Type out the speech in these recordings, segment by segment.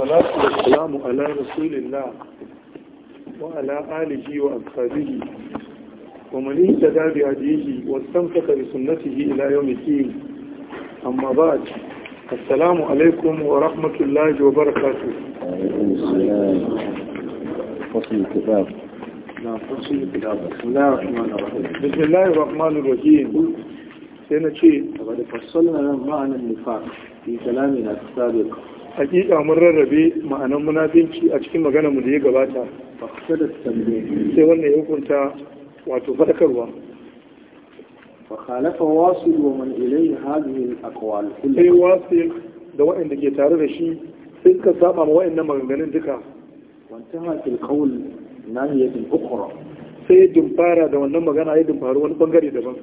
والصلاة والسلام على رسول الله وعلى آله وأصحابه ومن اهتدى بهديه واستمسك بسنته إلى يوم الدين أما بعد السلام عليكم ورحمة الله وبركاته وعليكم السلام فصل الكتاب فصل الكتاب بسم الله الرحمن الرحيم بسم الله الرحمن الرحيم سنة شيء فقد فصلنا معنى النفاق في كلامنا السابق hakika mun rarrabe ma'anan munafinci a cikin magana mu da ya gabata sai wannan ya hukunta wato farkarwa fakhalafa wasil wa man ilayhi hadhihi al-aqwal kullu wasil da wa'anda ke tare da shi sai ka saba ma wa'annan maganganun duka wantaha til qawl nahiyat al-ukhra sai dumfara da wannan magana ya dumfara wani bangare daban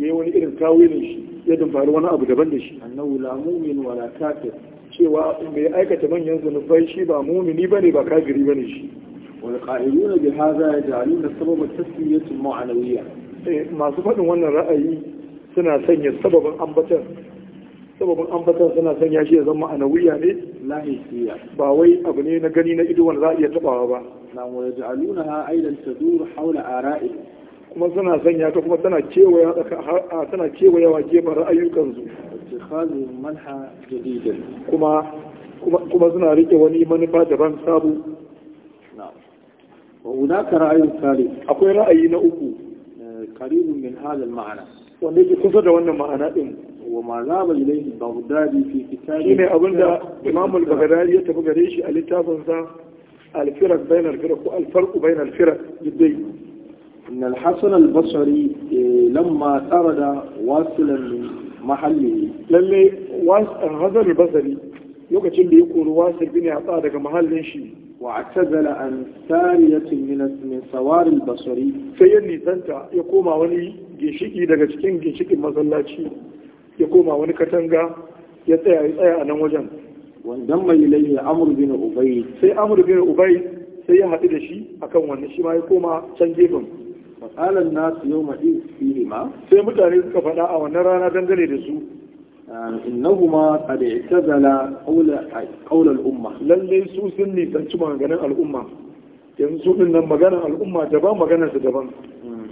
yayi wani irin tawilin shi ya dumfara wani abu daban da shi annahu la mu'min wala la kafir cewa mai aikata manyan zunubai shi ba mumini ne, ba ba ne shi wal qa'iluna bi hadha yaj'aluna sababa tasmiyati ma'anawiyya eh, masu faɗin wannan ra'ayi suna sanya sababin ambatan sababin ambatan suna sanya shi ya zama ma'anawiya ne lahisiya ba wai abu ne na gani na ido wanda za a iya tabawa ba na wani wa yaj'alunaha aidan tadur hawla ara'i kuma suna sanya ta kuma tana kewaya tana kewayawa gefen su kuma kuma suna rike wani manufa daban sabu wa hunaka ra'ayin akwai ra'ayi na uku karibu eh, min halin ma'ana. mana wanda yake kusa da wannan ma'ana din wa ma zaba ilayhi baghdadi fi kitabi shine abinda ya tafi gare shi a littafin sa al bainar إن الحسن البصري لما طرد واصلا من محله للي الحسن البصري lokacin da ya kori Wasu bin ya tsada daga mahallin shi wa atazala an sariyatin min sawaril basari sai ya nisanta ya koma wani ginshiki daga cikin ginshikin masallaci ya koma wani katanga ya tsaya ya tsaya a nan wajen wandan mai ilayhi amr bin ubay sai amr bin sai ya haɗu da shi akan wannan shi ma ya koma can gefen fasalan nasu yau maɗi fiye ma sai mutane suka faɗa a wannan rana dangane da su ah, innahuma qad da ita zala ƙaunar umma lalle su sun nisanci maganin al'umma yanzu ɗin nan maganar al'umma daban maganar su daban hmm.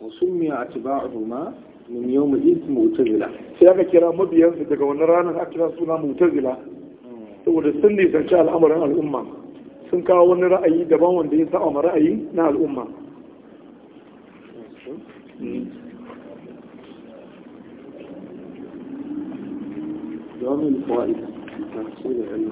wa summiya atba'uhuma min yawm al-id mu'tazila sai aka kira mabiyansu daga wannan ranar aka kira suna mu'tazila hmm. saboda sun nisanci al'amarin al'umma sun kawo wani ra'ayi daban wanda ya sa'a ra'ayi na al'umma دوام الفوائد تفصيل علم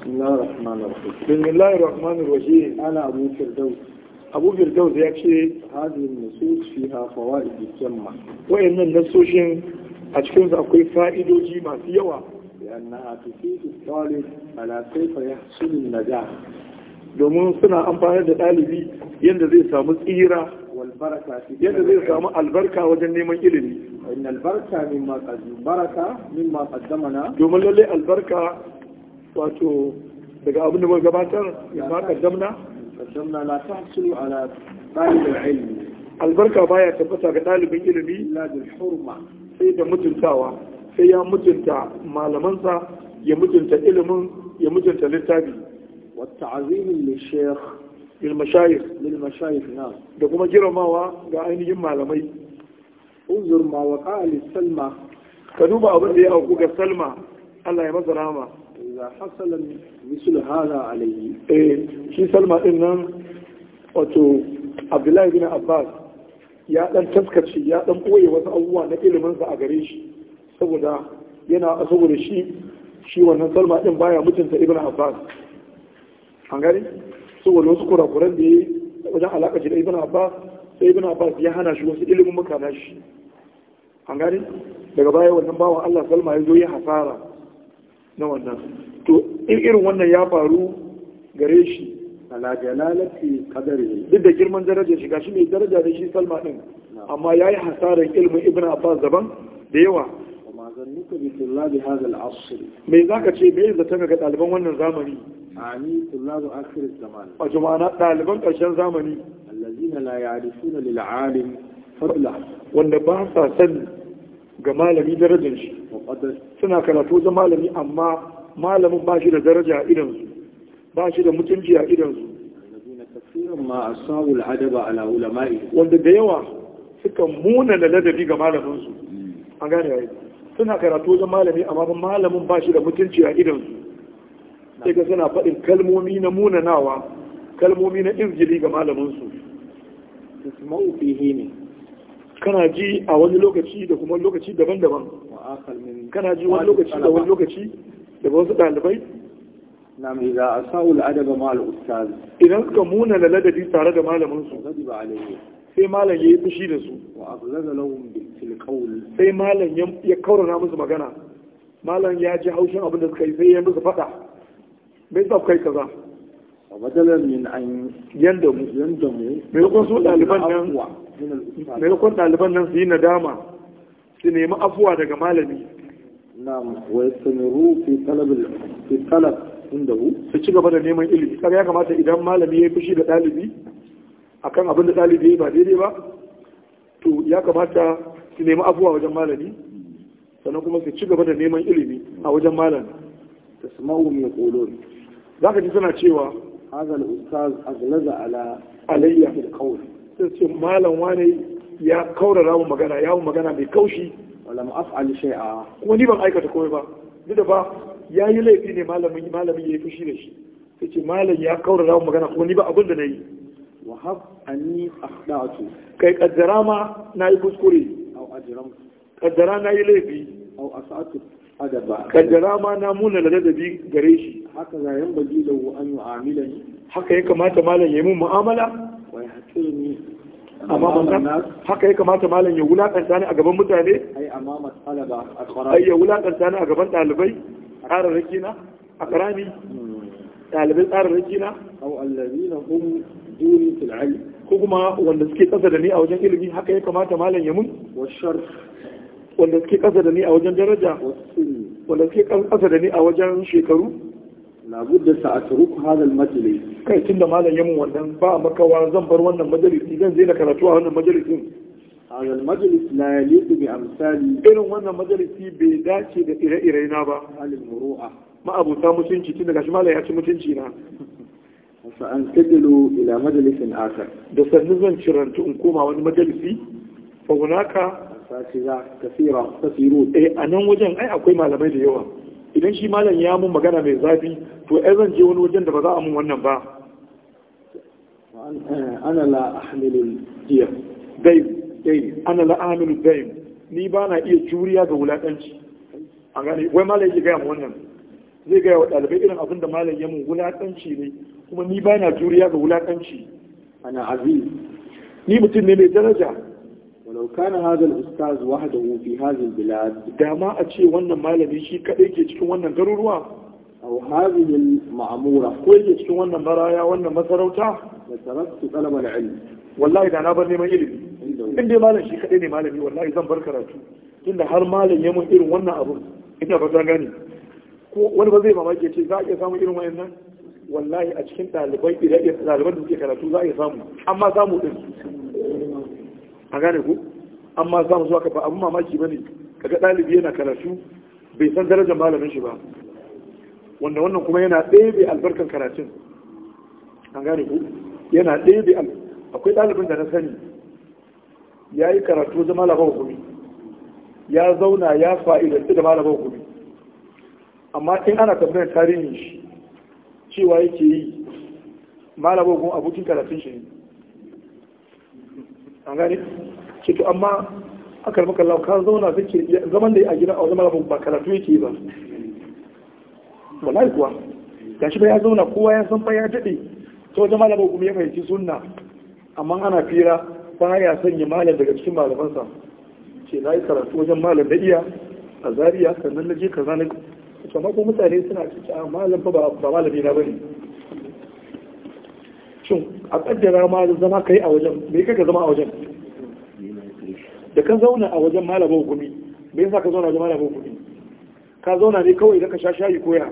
بسم الله الرحمن الرحيم بسم الله الرحمن الرحيم أنا أبو فردوس أبو فردوس يكشي هذه النصوص فيها فوائد الجمع وإن النصوص أتكون أقول فائدة جي ما سيوا لأنها تفيد الطالب على كيف يحصل النجاح domin suna amfani da ɗalibi yadda zai samu tsira yadda zai samu albarka wajen neman ilimi albarka min min ma ma baraka, domin lallai albarka wato daga abin da muka gabatar ma kaddamna kaddamna la tahsulu ala talibul ilmi albarka baya tabbata ga ɗalibin ilimi la bil hurma sai da mutuntawa sai ya mutunta malamansa ya mutunta ilimin ya mutunta littafi wa ta'zimin li shaykh lil mashayikh lil mashayikh na da kuma girmamawa ga ainihin malamai unzur ma wa li salma ka duba abin da ya auku ga salma Allah ya masa rahama idza hasala mislu hada alayhi eh shi salma din nan wato Abdullahi bin Abbas ya dan taskace ya dan koye wasu abubuwa na ilimin sa a gare shi saboda yana saboda shi shi wannan salma din baya mutunta ibn abbas an gani saboda wasu kurakuran da ya wajen alaƙa da ibn abbas sai ibn abbas ya hana shi wasu ilimin makana shi an gani daga baya wannan bawa allah salma ya zo ya hasara na wannan to in irin wannan ya faru gare shi ala jalalati qadari duk da girman darajar shi gashi mai daraja da shi salma din amma yayi hasarar ilmin ibn abbas daban da yawa ظنك بطلاب هذا العصر me zaka ce me yanda tanga ga ɗaliban wannan zamani ani tullabu akhir zaman a jama'a ɗaliban ƙarshen zamani allazina la ya'rifuna lil alim fadla wanda ba sa sani ga malami darajar shi suna karatu da malami amma malamin ba shi da daraja a idan su ba shi da mutunci a idan su ma asawu al'adaba ala ulama'i wanda da yawa suka muna ladabi ga malamin hmm. an gane suna karatu wajen malami amma ba malamin ba shi da mutunci a idansu sai ga suna faɗin kalmomi na munanawa kalmomi na injili ga malaminsu isma'u ne kana ji a wani lokaci da kuma lokaci daban-daban kana ji wani lokaci da wani lokaci da wasu ɗalibai na mai za a sa'ul adaba ma al'ustaz idan suka munana ladabi tare da malaminsu sai malam ya yi fushi da su wa abu zaga lahum bi fil qawl sai malam ya kaurana musu magana malam ya ji haushin abin da suka yi sai ya musu fada me yasa kai kaza a madalar min an yanda mu yanda mu me kun so daliban nan me kun daliban nan su yi nadama su nemi afuwa daga malami na'am wa yastamiru fi talab fi talab indahu su ci gaba da neman ilimi kaga ya kamata idan malami ya yi fushi da dalibi akan abin da dalibi ba daidai ba to ya kamata su nemi abuwa wajen malami sannan kuma su ci gaba da neman ilimi a wajen malami ta sama'u mai kolori za ka ji suna cewa hazal ustaz aglaza ala alayya fil qawl sai ce malam wane ya kaurara mu magana ya magana mai kaushi wala ma af'al shay'a kuma ni ban aikata komai ba duk da ba yayi laifi ne malamin malamin yayi fushi da shi sai ce malam ya kaurara mu magana kuma ni ba abin da nayi wa hab anni akhda'tu kai kaddara ma nayi kuskure ajram kaddara na yi laifi aw asatu adaba kaddara ma na muna ladabi gare shi haka za da an haka ya kamata malam ya yi mun mu'amala wa yahtirni amma haka ya kamata malam ya wulakanta ni a gaban mutane ai amma masalaba ai ya wulakanta ni a gaban dalibai na a karami dalibai mm. tsararraki na allazina hum duni fil ilm ko kuma wanda suke ƙasa da ni a wajen ilimi haka ya kamata malam ya mun wanda suke ƙasa da ni a wajen daraja wanda suke ƙasa da ni a wajen shekaru labudda sa atruku hadha almajlis kai tunda malam ya mun wannan ba makawa zan bar wannan majalis, zan zai na karatu a wannan majalis. irin wannan majalis لا dace da ire وانا مجلسي بيداتي إلى إلينا با أهل mutunci ما gashi malam ya ci mutunci na fa'an tajilu ila majalisin akar da sannu zan cirantu in koma wani majalisi fa ka tsira ta tasiru eh a nan wajen ai akwai malamai da yawa idan shi malam ya mun magana mai zafi to ai zan je wani wajen da ba za a mun wannan ba eh, ana la ahmilu diyar dai dai ana la ahmilu dai ni ba na iya juriya ga wulakanci a gane wai malam ya gaya mu wannan zai gaya wa ɗalibai irin abin da malam ya mun wulakanci ne kuma ni ba na juriya ga wulakanci ana aziz ni mutum ne mai daraja walau kana hadha al-ustaz wahdahu fi hadhihi al-bilad dama a ce wannan malami shi kadai ke cikin wannan garuruwa aw hadhihi al-ma'mura ko yake cikin wannan baraya wannan masarauta da taraktu talab al-ilm wallahi da na bar neman ilimi Inda malam shi kadai ne malami wallahi zan bar karatu tunda har malam ya mun irin wannan abu ina ba ta gani ko wani ba zai mamaki ce za a iya samun irin wayannan wallahi a cikin ɗalibai ɗaliban da suke karatu za a iya samu amma samu ɗin a gane ku amma samu zuwa ka ba abin mamaki ba ne kaga ɗalibi yana karatu bai san darajar malamin shi ba wanda wannan kuma yana ɗebe albarkan karatun A gane ku yana ɗebe akwai ɗalibin da na sani ya yi karatu da malaman hukumi ya zauna ya fa'idanci da malaman hukumi amma in ana tambayar tarihin shi cewa yake yi malabo kuma abokin karatun shi ne an gane ce to amma aka maka lau ka zauna kake zaman da ya gina a wajen malabo ba karatu yake yi ba wallahi kuwa ga shi ba ya zauna kowa ya san fa ya daɗe ta wajen malabo kuma ya fahimci sunna amma ana fira ba ya sanya malam daga cikin malamansa ce na yi karatu wajen malam da iya a zariya sannan na je kaza na kuma ko mutane suna cikin a ah, malam fa ba malami na bane shin a kaddara ma zama kai a wajen me ka zama a wajen da ka zauna a wajen malamin hukumi me yasa ka zauna wajen malamin hukumi ka zauna ne kawai da ka sha shayi koya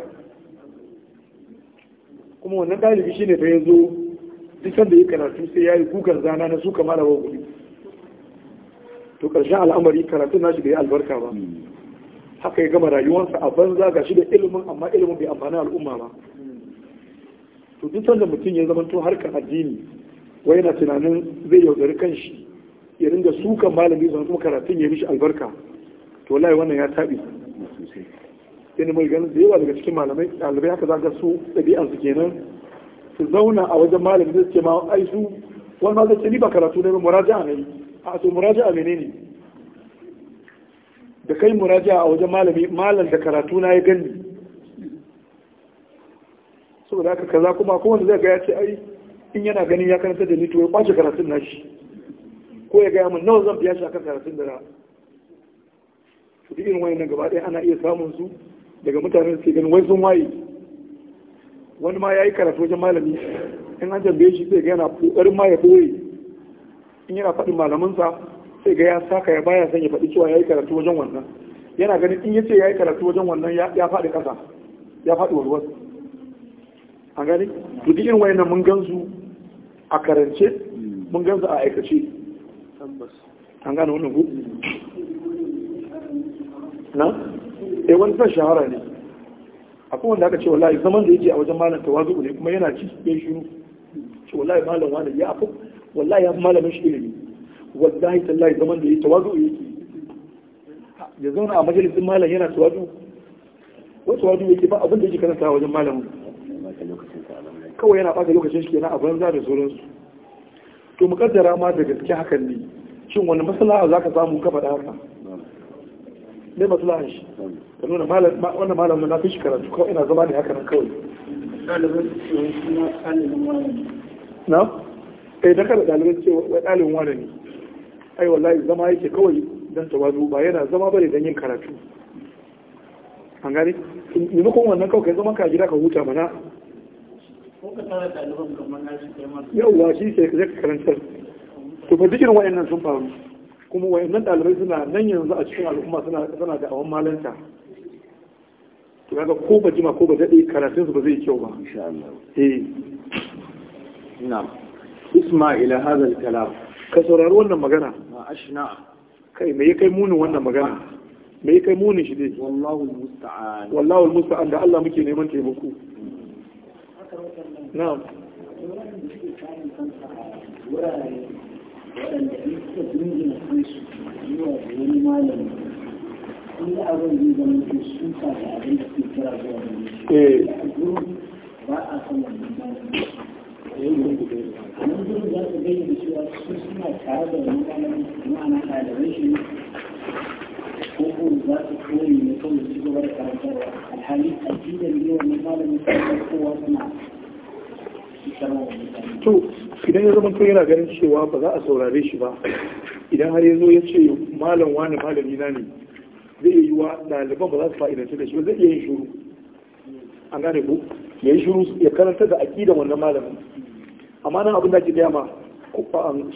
kuma wannan ɗalibi shine fa yanzu duk sanda yi karatu sai ya yi kukan zana na suka malamin hukumi. to ƙarshen al'amari karatu na shi da albarka ba haka ya gama rayuwarsa a banza ga shi da ilimin amma ilimin bai amfani al'umma ba to duk sanda mutum ya zama to harkar addini wai yana tunanin zai yaudari kanshi ya ringa suka malami zan kuma karatun ya mishi albarka to wallahi wannan ya tabi yana mai ganin da yawa daga cikin malamai ɗalibai haka za su ɗabi'an su kenan su zauna a wajen malami zai ce ma ai su wani ma zai ce ni ba karatu ne ba muraja'a ne a to muraja'a menene da kai muraja a wajen malami malam da karatu na ya gani saboda haka kaza kuma ko wanda zai ga ya ce ai in yana ganin ya karanta da ni to ya kwace karatun na shi ko ya gaya min nawa zan biya shi akan karatun da na duk irin wayannan gaba ɗaya ana iya samun su daga mutanen da ke ganin wai sun waye wani ma ya yi karatu wajen malami in an tambaye shi zai ga yana ƙoƙarin ma ya in yana faɗin malamansa sai ga ya saka ya baya son ya faɗi cewa ya yi karatu wajen wannan yana ganin in ya ce ya yi karatu wajen wannan ya faɗi ƙasa ya faɗi warwar an gani to duk irin wayannan mun gansu a karance mun gansu a aikace an gane wannan ku na eh wani san shahara ne akwai wanda aka ce wallahi zaman da yake a wajen malam tawazu ne kuma yana ci ya shiru ce wallahi malam wani ya afu wallahi ya malamin shi ilimi wallahi tallahi zaman da ya tawazu yake ya zauna a majalisin malam yana tawadu ko tawadu yake ba abin da yake karanta wajen malamin kawai yana bata lokacin shi kenan a banza da sauransu to mu kaddara ma da gaske hakan ne shin wani maslaha za ka samu ka faɗa haka ne maslaha shi ka nuna wannan malamin na fi shi karatu kawai ina zama ne haka nan kawai na? eh da kada ɗalibai ce ɗalibin wani ne ai wallahi zama yake kawai don tawazu ba yana zama bane don yin karatu an gane kuma wannan kawai kai zama ka gida ka huta mana yauwa shi sai ka zaka karantar to ba dukkan wayannan sun faru kuma wayannan ɗalibai suna nan yanzu a cikin al'umma suna suna da awan malanta to kaga ko ba jima ko ba dade karatun su ba zai kyau ba insha Allah eh na'am isma ila hadha al-kalam ka saurari wannan magana ashna kai me kai munin wannan magana me kai munin shi dai wallahu musta'an wallahu musta'an da Allah muke neman taimako na'am Eh. a yanzu gudun za su bayyana cewa su suna tare da wani malamin ma'ana ɗaliban shi ko ko za su koyi ne kawai su gaba da karantarwa alhali aƙidar ne wani malamin kowa suna to idan ya zama yana ganin cewa ba za a saurare shi ba idan har ya zo ya ce malam wani malami na ne zai yi wa ɗaliban ba za su fa'idanci da shi ba zai iya yin shuru an gane ku ya yi shuru ya karanta da aƙidan wannan malamin amma nan abin da da gaya ma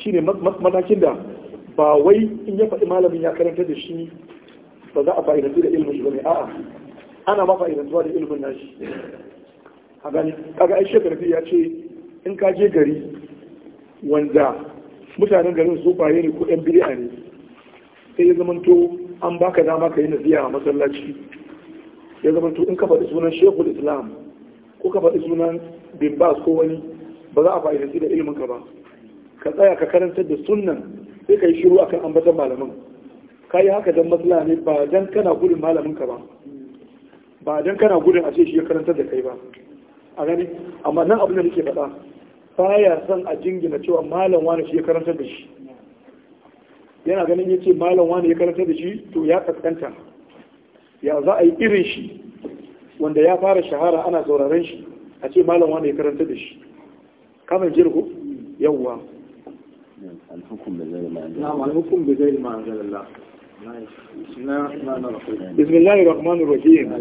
shine matakin da ba wai in ya faɗi malamin ya karanta da shi ba za a fa'idantu da ilimin shi ne a'a ana ma fa'idantuwa da ilimin nashi a gani kaga ai shekarfi ya ce in ka je gari wanda mutanen garin su baye ne ko yan a ne sai ya zamanto an baka dama ka yi nasiha a masallaci ya zamanto in ka faɗi sunan shekul islam ko ka faɗi sunan bin ko wani ba za a fa'idanci da ilimin ka ba ka tsaya ka karantar da sunan sai ka yi shiru akan ambatan malamin ka yi haka don matsala ne ba don kana gudun malamin ka ba ba don kana gudun a ce shi ya karantar da kai ba a gani amma nan abin da nake faɗa ya son a jingina cewa malam wani shi ya karantar da shi yana ganin ya ce malam wani ya karantar da shi to ya kaskanta ya za a yi irin shi wanda ya fara shahara ana sauraron shi a ce malam wani ya karantar da shi kamar jirgo yawwa الحكم بغير ما أنزل نعم الحكم بغير ما أنزل الله بسم الله الرحمن الرحيم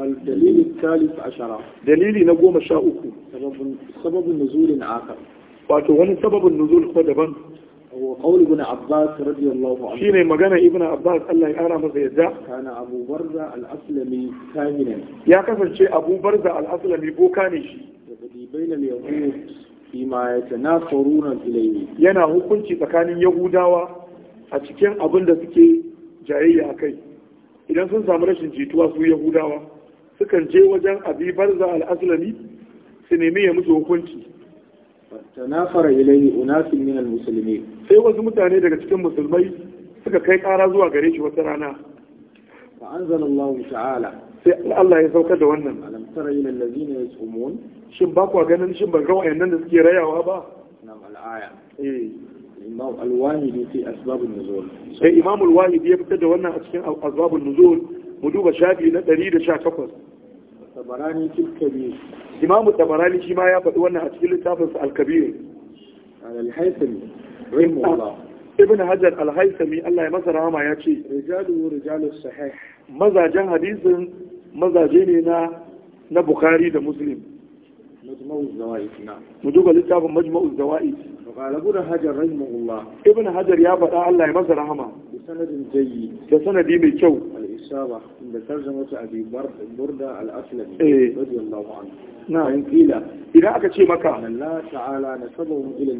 الدليل الثالث عشر دليلي نقوم شاء أكو سبب, سبب نزول آخر وأتوهن سبب النزول خدبا هو قول ابن عباس رضي الله عنه شيني مجانا ابن عباس الله يقرأ ما سيدا كان أبو برزة الأسلمي كاهنا يا كفر شيء أبو برزة الأسلمي بو كانش بين اليهود fima ya tanafaruna ilayhi yana hukunci tsakanin yahudawa a cikin abin da suke jayayya a kai idan sun samu rashin jituwa su yahudawa sukan je wajen abi barza al su nemi ya musu hukunci tanafara ilayhi unasin min minan Musulmi. sai wasu mutane daga cikin musulmai suka kai kara zuwa gare shi wata rana fa ta'ala sai Allah ya saukar da wannan alam tara ila allazina yasumun shin ba kwa ganin shin ba gawa yannan da suke rayawa ba nam al-aya eh imam al-wahidi fi asbab nuzul sai imam al-wahidi ya fitar da wannan a cikin asbab an-nuzul mu duba shafi na 118 tabarani fil imam tabarani shi ma ya faɗi wannan a cikin littafin al-kabir al-haythami rahimahullah ibn hajar al-haythami Allah ya masa rahama ya ce rijalu rijalus sahih mazajen hadisin mazaje ne na na bukari da muslim majmu'uz littafin majmu'uz zawa'i qala ibn hajar Allah. ibn hajar ya faɗa Allah ya masa rahama sanadin jayyi da sanadi mai kyau al-isaba inda tarjama ta abi burda al-aslami eh. radiyallahu anhu na'in qila idan aka ce maka Allah ta'ala nasabahum ila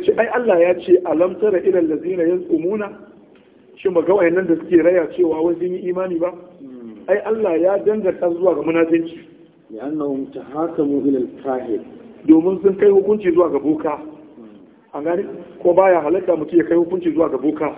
ce ai Allah ya ce alam tara ila Shin yasumuna wayannan da suke raya cewa yi imani ba ai Allah ya danganta zuwa ga munafinci ya annahu tahakamu ila al-kahir domin sun kai hukunci zuwa ga boka an gani ko baya halatta mutum ya kai hukunci zuwa ga boka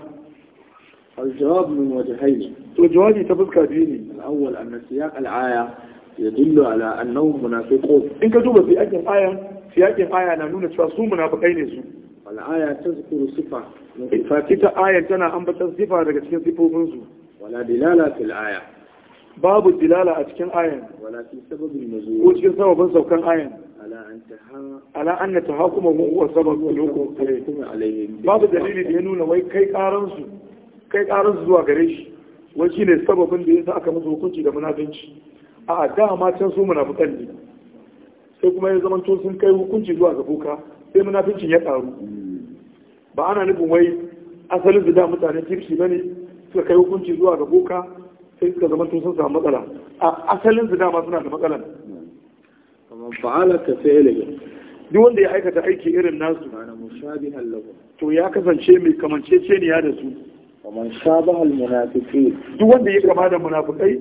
al-jawab min wajhayn to jawabi ta fuska biyu ne al-awwal anna siyaq al-aya yadullu ala annahu munafiqun in ka duba siyaqin aya siyaqin aya na nuna cewa su munafiqai ne su al-aya tazkuru sifa fa kita aya tana ambata sifa daga cikin sifofin su wala dilala fil aya babu dilala a cikin ayan ko cikin sababin saukan ayan ala an na ta kuma hukuwa sababin lokacin babu dalili da ya nuna wai kai karansu kai karansu zuwa gare shi wai shi ne sababin da ya sa aka musu hukunci da munafinci a dama can su munafukan ne sai kuma ya zama sun kai hukunci zuwa ga kuka sai munafincin ya karu ba ana nufin wai asalin da mutane kirki bane suka kai hukunci zuwa ga kuka sai suka zama tun sun samu matsala a asalin su dama suna da matsalan fa'ala ka sai ilimi duk wanda ya aikata aiki irin nasu to ya kasance mai kamanceceniya da su kamar shabahal munafiqi duk wanda ya kama da munafiqai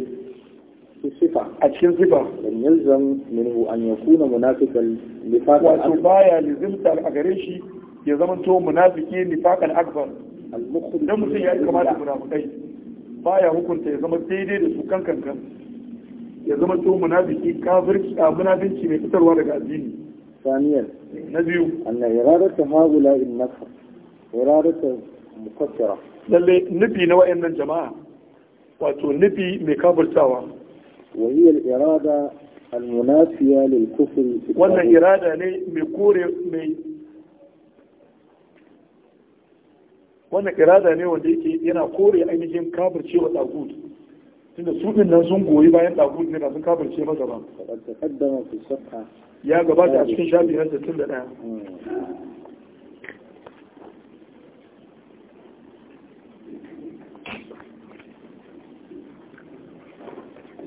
sifa a cikin sifa dan yalzam minhu an yakuna munafiqan nifaqan wato baya lazimta a gare shi ya zama to munafiki nifaqan akbar al-mukhdam mutum ya kama da munafiqai baya hukunta ya zama daidai da su kan kankan ya zama to munafiki kafirci a munafinci mai fitarwa daga addini samiyar na biyu anna irarata hagula in nafa irarata mukaddara lalle nufi na wayannan jama'a wato nufi mai kafirtawa wa hiya al irada al munafiya lil kufr wannan irada ne mai kore mai wannan irada ne wanda yake yana kore ainihin kafirce wa dagud tunda su din nan sun goyi bayan dagud ne da sun kafirce maza ba ya gabata a cikin shafi na 61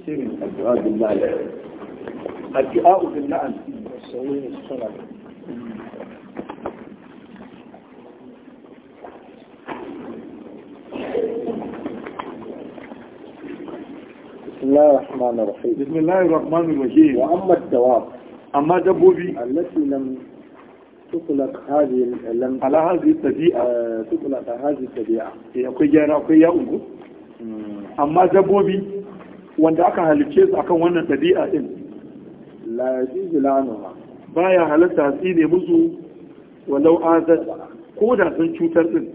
الدعاء باللعن الدعاء باللعن والسعير الصلاة بسم الله الرحمن الرحيم بسم الله الرحمن الرحيم وأما الدواب أما دبوبي التي لم تطلق هذه لم على هذه الطبيعة تطلق هذه الطبيعة أقول جارة أقول يا أمه أما دبوبي wanda aka halicce su akan wannan tabi'a din la yajuzu lanuha baya halatta tsine musu walau azat ko da sun cutar din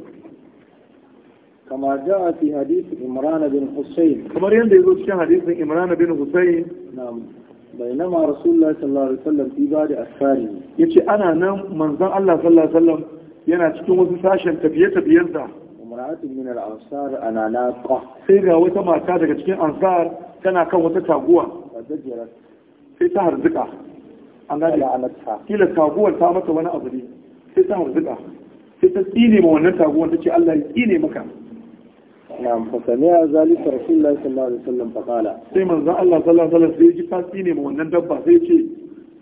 كما جاء في حديث عمران بن حسين كما يندي في حديث عمران بن حسين نعم بينما رسول الله صلى الله عليه وسلم في بعض أسفاره يتي أنا نم منزل الله صلى الله عليه yana cikin wasu sashen tafiye-tafiyensa umra'atun min al-ansar ana naqa sai ga wata mata daga cikin ansar tana kan wata taguwa sai ta harzuka an ga la'anata kila taguwar mata wani abu ne sai ta harzuka sai ta tsine ma wannan taguwar tace Allah ya tsine maka na'am fa sami'a zalika rasulullahi sallallahu alaihi wasallam fa sai manzon Allah sallallahu alaihi wasallam sai ji fasi ne wannan dabba sai ce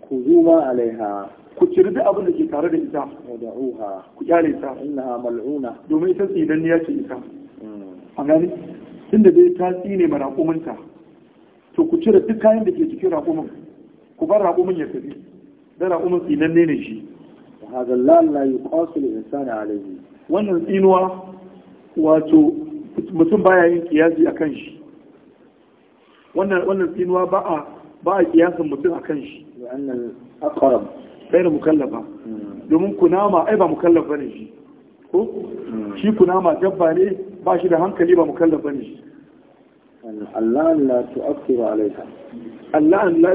ku zuma alaiha ku ciri duk abin da ke tare da ita wada'uha ku kyale ta innaha mal'una domin ita tsidan ya ce ita a gani tunda dai ta tsine ma raƙuminta to ku cire duk kayan da ke cikin raƙumin ku bar raƙumin ya tafi da raƙumin tsinanne ne shi hadha la la yuqasu lil insani alayhi wannan tsinuwa wato mutum baya yin kiyasi a kan shi wannan tsinuwa ba a kiyasin mutum a kan shi bai da mukallafa hmm. domin kunama ai ba mukallafa ne shi ko hmm. shi kunama dabba ne ba shi da hankali ba mukallafa ne shi Allahan la tu'akkiru alaiha Allah la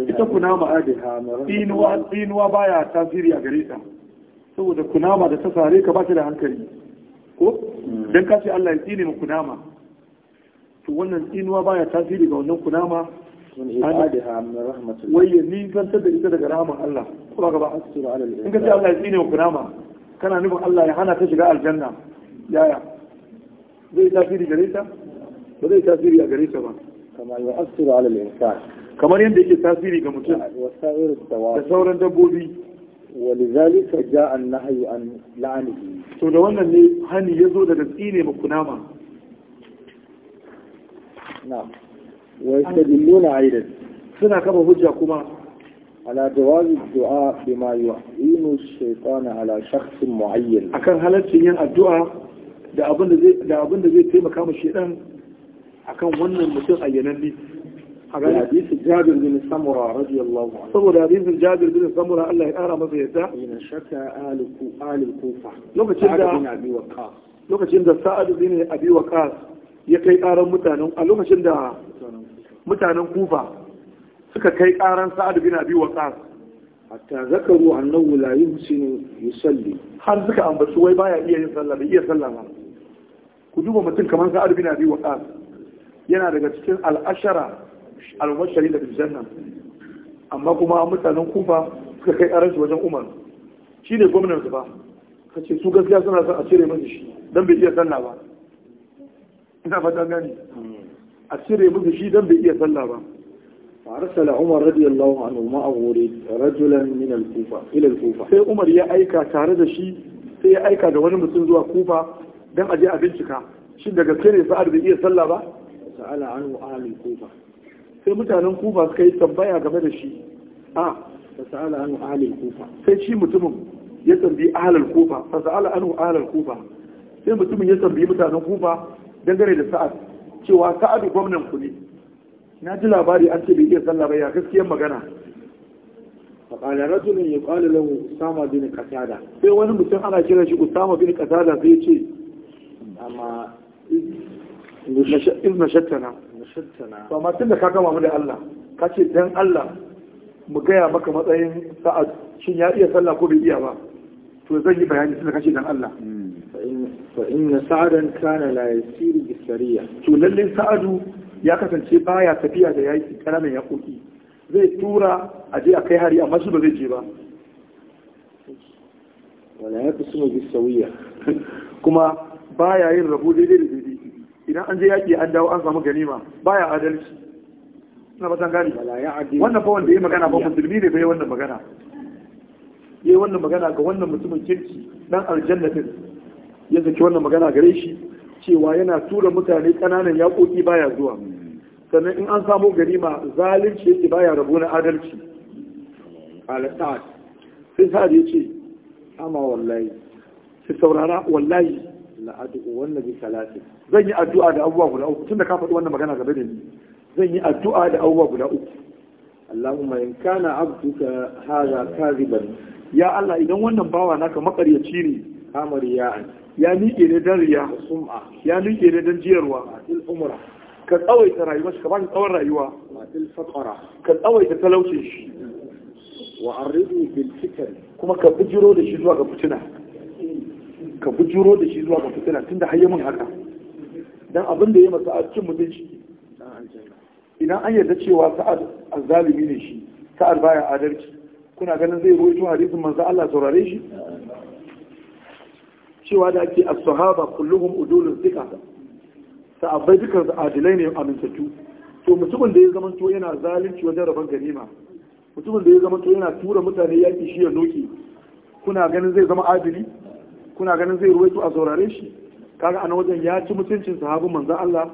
ita kunama da tsinuwa tsinuwa baya tasiri a gare ta saboda kunama da ta sare ka ba ta da hankali ko dan kace Allah ya tsine muku nama to wannan tsinuwa baya tasiri ga wannan kunama wai ya nisantar da ita daga rahaman Allah ko ba gaba in ka Allah ya tsine wa kunama kana nufin Allah ya hana ta shiga aljanna yaya zai tasiri gare ta ba zai tasiri a gare ta ba kamar ya asiru ala insan kamar yadda yake tasiri ga mutum da sauran dabbobi ولذلك جاء النهي عن لعنه to da wannan ne hani yazo daga tsine ma kunama na'am wa yastadilluna aidan suna kama hujja kuma ala jawazi du'a bima yu'inu shaytana ala shakhs mu'ayyan akan halaccin yin addu'a da abin da zai da abin da zai taimaka ma shedan akan wannan mutum ayyanan ne hadisin jabir bin samura radiyallahu anhu saboda hadisin jabir bin samura Allah ya kara masa yadda ina shaka aliku alil kufa lokacin da lokacin da sa'ad bin abi waqas ya kai karan mutanen a lokacin da mutanen kufa suka kai karan sa'ad bin abi waqas hatta zakaru annahu la yuhsinu yusalli har suka ambaci wai baya iya yin sallah bai iya sallah ba ku duba mutum kamar sa'ad bin abi waqas yana daga cikin al'ashara Al'ummar shari'a da nan. amma kuma mutanen kufa suka kai arashi wajen umar shi ne gwamnan su ba ka ce su gaskiya suna son a cire musu shi don bai iya sallah ba ina fata gani a cire musu shi don bai iya sallah ba فارسل عمر Umar الله عنه a أغوري رجلا من الكوفة إلى kufa sai Umar ya aika tare da shi sai ya aika da wani mutum zuwa Kufa dan aje a bincika shin daga kare sa'ad bai iya sallah ba sa'ala anhu ahlul Kufa sai mutanen kufa suka yi tambaya game da shi a fasa'ala anhu ahlul kufa sai shi mutumin ya tambayi ahlul kufa fasa'ala anhu ahlul kufa sai mutumin ya tambayi mutanen kufa gane da sa'ad cewa sa'adu gwamnan ku ne na ji labari an ce bai iya sallah ba ya gaskiyar magana فقال رجل يقال له أسامة بن قتادة في وانا مسلم على كلا شيء أسامة بن قتادة في شيء ce. iz na shattana ba ma tun da ka gama mu da Allah ka ce don Allah mu gaya maka matsayin sa'ad shin ya iya sallah ko bai iya ba to zan yi bayani tun da ka ce don Allah hmm. fa inna sa'adan kana la yasiru bi sariya to lalle sa'adu ya kasance baya tafiya da yaki karamin yaƙoƙi, zai tura a je a kai hari amma shi ba zai je ba wala ya fi suna bisawiya kuma baya yin rabo daidai da daidai idan an je yaƙi an dawo an samu ganima baya adalci na batan gani wannan fa wanda ya magana ba musulmi ne bai wannan magana yi wannan magana ga wannan mutumin kirki dan aljannatin ya zaki wannan magana gare shi cewa yana tura mutane kananan yaƙoƙi baya zuwa sannan in an samu ganima zalunci yake baya rabu na adalci sai sa ya ce yace amma wallahi sai saurara wallahi wannan bi salati zan yi addu'a da abubuwa guda uku tunda ka faɗi wannan magana game da ni zan yi addu'a da abubuwa guda uku Allahumma in kana abduka hadha kadiban ya Allah idan wannan bawa naka makaryaci ne amariya ya miƙe ne dan riya sum'a ya miƙe ne dan jiyarwa il umra ka tsawaita rayuwar ka ba shi tsawon rayuwa il faqara ka tsawaita talaucin shi wa arridu bil fitr kuma ka bijiro da shi zuwa ga fitina ka bujuro da shi zuwa ga fitina tunda har mun haka dan abin da ya masa a cin shi idan an yarda cewa sa'ad azzalimi ne shi sa'ad baya adalci kuna ganin zai ruwaito hadisin manzo Allah saurare shi cewa da ake as-sahaba kulluhum udulun thiqa sahabbai dukkan adilai ne amintattu to mutumin da ya zama to yana zalunci wajen rabon ganima mutumin da ya zama to yana tura mutane yaki shi ya noki kuna ganin zai zama adili kuna ganin zai ruwaito a saurare shi kaga a wajen ya ci mutuncin sahabin manzan Allah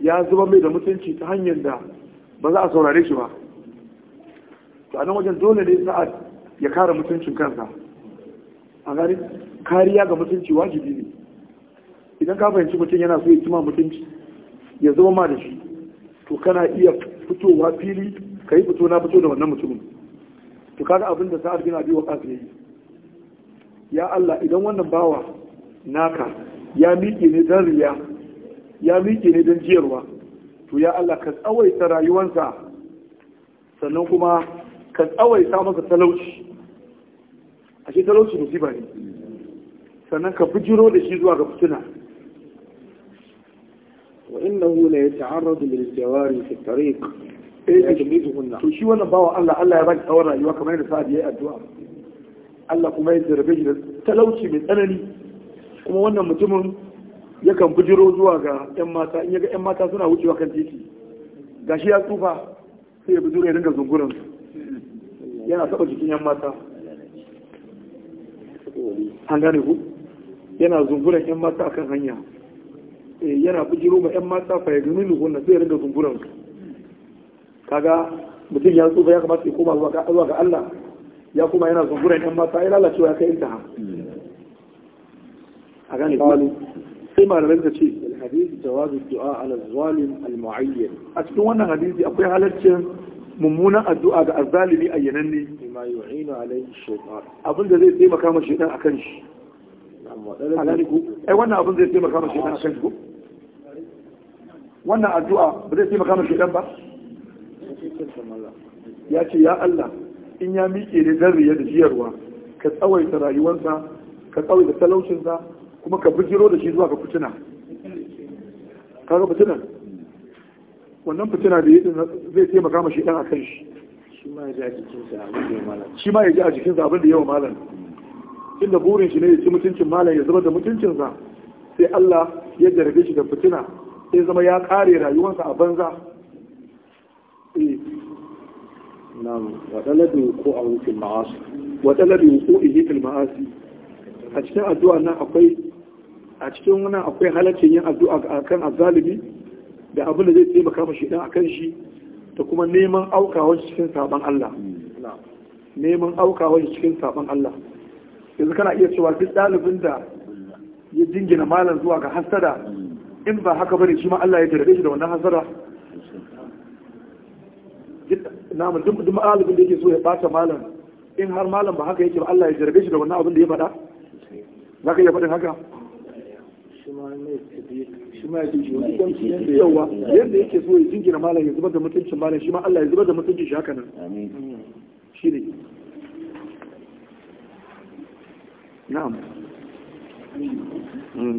ya zuba mai da mutunci ta hanyar da ba za a saurare shi ba to a nan wajen dole ne sa'ad ya kare mutuncin kansa a gari kariya ga mutunci wajibi ne idan ka fahimci mutum yana so ya cima mutunci ya zama ma da shi to kana iya fitowa fili ka yi fito na fito da wannan mutumin to kaga abin da sa'ad bin abi waqas yayi ya Allah idan wannan bawa naka ya miƙe ne don riya ya miƙe ne don jiyarwa to ya Allah ka tsawaita rayuwansa sannan kuma ka tsawaita masa talauci ashe talauci musiba ne sannan ka bijiro da shi zuwa ga fitina wa innahu la yata'arradu lil jawari fi tariq eh to shi wannan bawa Allah Allah ya baki tsawon rayuwa kamar yadda sa'adi yayi addu'a Allah kuma ya zarbe shi da talauci mai tsanani kuma wannan mutumin yakan bujiro zuwa ga 'yan mata in yaga 'yan mata suna wucewa kan titi gashi ya tsufa sai ya bujiro ya dinga zungurin yana saba jikin 'yan mata an gane ku yana zunguran 'yan mata akan hanya eh, yana bujiro ma 'yan mata fa ya gani lugun sai ya dinga zungurin kaga mutum ya tsufa ya kamata ya koma zuwa ga Allah ya kuma yana zunguran yan mata ya lalacewa ya kai intaha a gane kwalu sai malamai suka ce hadisi jawabi du'a ala zalim al mu'ayyan a cikin wannan hadisi akwai halarcin mummunan addu'a ga azzalimi ayyananne bima yu'inu alayhi shaytan abin da zai taimaka ma shaytan akan shi ai wannan abin zai taimaka ma shaytan akan shi ko wannan addu'a ba zai taimaka ma shaytan ba ya ce ya Allah in ya miƙe ne don riya da jiyarwa ka tsawaita rayuwarsa ka tsawaita talaucinsa kuma ka bijiro da shi zuwa ga fitina kaga fitina wannan fitina da yi zai taimaka ma shi dan a kan shi shi ma ya ji a jikinsa abin da ya shi ma ya ji a jikinsa abin da yawa malam inda burin shi ne ya ci mutuncin malam ya zama da mutuncinsa sai Allah ya jarabe shi da fitina sai zama ya kare rayuwarsa a banza eh, نعم ko وقوعه في المعاصي وقوعه في المعاصي a cikin addu'a na akwai a cikin wannan akwai halaccin yin addu'a kan azalibi da abin da zai taimaka mashi a kan shi da kuma neman aukawa cikin saban Allah neman aukawa cikin saban Allah yanzu kana iya cewa duk dalibin da ya jingina malam zuwa ga hasada in ba haka bane shi ma Allah ya tarbe shi da wannan hasada na mu duk duk malibin da yake so ya bata malam in har malam ba haka yake ba Allah ya jarabe shi da wannan abin da ya faɗa za ka iya faɗin haka yawa yadda yake so ya jingina malam ya zubar da mutuncin malam shi ma Allah ya zubar da mutuncin shi haka nan shi ne na'am hmm.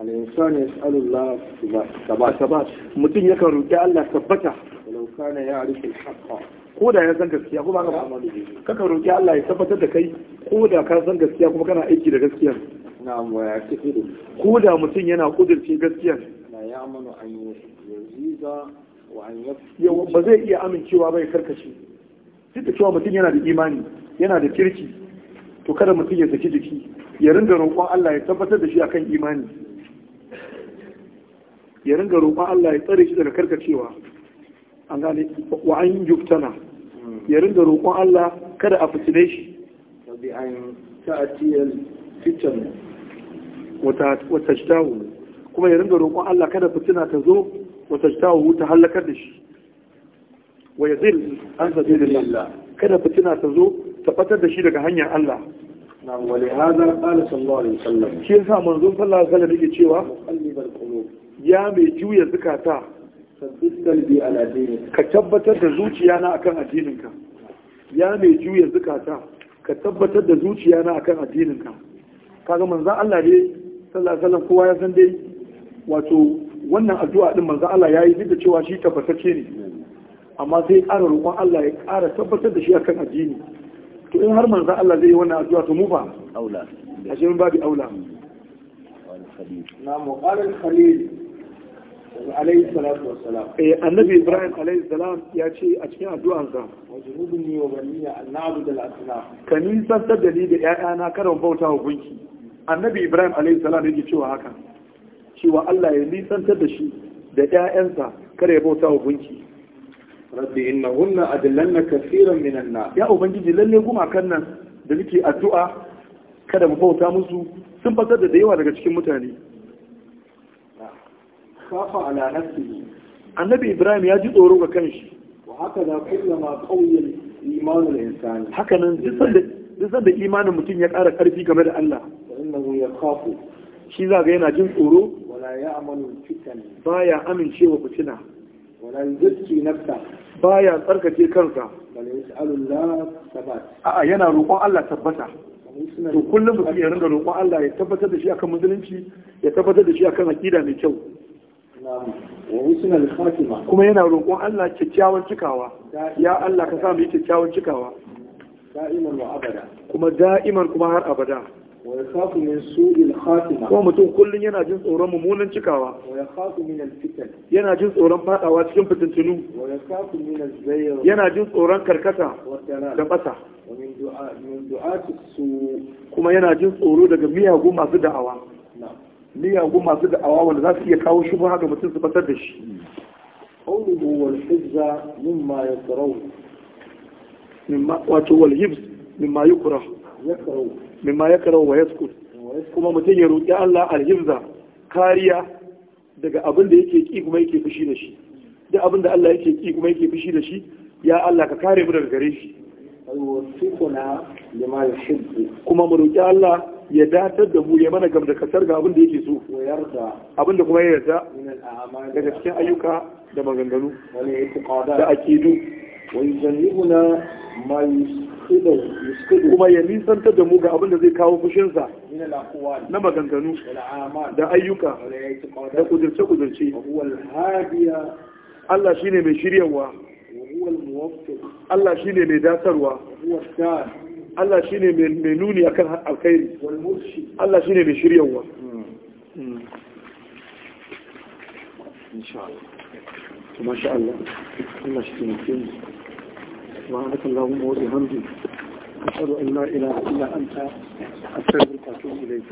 al ya yas'alu Allah tabata mutum yakan roƙi Allah tabbata walau kana ya'rifu al-haqqa ko da ya san gaskiya ko ba ka ba kakan roƙi Allah ya tabbatar da kai ko da ka san gaskiya kuma kana aiki da gaskiya na'am wa ya'tiqidu ko da mutum yana kudirce gaskiya Ya ya'manu an yuziza wa an yafu ba zai iya amincewa bai karkashi duk da cewa mutum yana da imani yana da kirki to kada mutum ya saki jiki ya rinda roƙon Allah ya tabbatar da shi akan imani ya ringa roƙon Allah ya tsare shi daga karkacewa an gane wa an yuftana ya ringa roƙon Allah kada a fitine shi bi an fitan wata wata jtawu kuma ya ringa roƙon Allah kada fitina ta zo wata jtawu ta halakar da shi wa yazil an Allah kada fitina ta zo ta fatar da shi daga hanyar Allah na wale li hada qala sallallahu alaihi wasallam shi yasa manzon sallallahu alaihi wasallam yake cewa qulub ya mai juya zukata ka tabbatar da zuciya na akan addininka ya mai juya zukata ka tabbatar da zuciya na akan addininka kaga manzan Allah ne sallallahu kowa ya san dai wato wannan addu'a din manzan Allah ya yi duk da cewa shi tabbatacce ne amma sai ƙara roƙon Allah ya ƙara tabbatar da shi akan addini to in har manzan Allah zai yi wannan addu'a to mu fa aula mun ba bi aula na muqalal khalil alayhi eh annabi ibrahim alayhi salam ya ce a cikin addu'ansa wajnubni wa baniya an al kani da ni na karan bauta wa gunki annabi ibrahim alayhi salam yake cewa haka cewa Allah ya nisantar da shi da ƴaƴansa kada ya bauta wa gunki rabbi innahunna adallanna kaseeran minan nas ya ubangiji lalle gumakan nan da nake addu'a kada mu bauta musu sun fasar da yawa daga cikin mutane kafa ala nafsihi annabi ibrahim ya ji tsoro ga kanshi wa haka da kullama insani haka nan duk sanda imanin mutum ya ƙara ƙarfi game da Allah innahu yakhafu shi za ga yana jin tsoro wala ya'malu fitan baya amincewa fitina wala yuzki nafsa baya tsarkake kansa bal a'a yana roƙon Allah tabbata to kullum mutum ya ringa roƙon Allah ya tabbatar da shi akan musulunci ya tabbatar da shi akan aqida mai kyau kuma yana roƙon Allah kyakkyawan cikawa ya Allah ka sa mu kyakkyawan cikawa da'iman wa abada kuma da'iman kuma har abada min kuma mutum kullum yana jin tsoron mummunan cikawa yana jin tsoron fadawa cikin fitintunu yana jin tsoron karkata da bata kuma yana jin tsoro daga miyagu masu da'awa miyagu masu da'awa wanda za su iya kawo shi ga mutum su fasar da shi qawluhu wal min ma ya tsarau wato wal hibs mimma min ma ya tsarau wa yaskut kuma mutum ya roƙi Allah al hibza kariya daga abin da yake ki kuma yake fushi da shi da abin da Allah yake ki kuma yake fushi da shi ya Allah ka kare mu daga gare shi kuma mu roƙi Allah ya datar da mu ya mana gam da kasar ga abin da yake so abin da kuma ya yarda daga cikin ayyuka da maganganu da akidu kuma ya nisantar da mu ga abin da zai kawo fushinsa na maganganu da ayyuka da kudurce-kudurce Allah shine mai shiryarwa. Allah shi ne mai datarwa Allah shi ne mai nuni akan alkhairi Allah shi ne mai shiryawa ما شاء الله الله شكرا فيه سبحانك اللهم وبحمدك أشهد أن لا إله إلا ta أستغفرك وأتوب إليك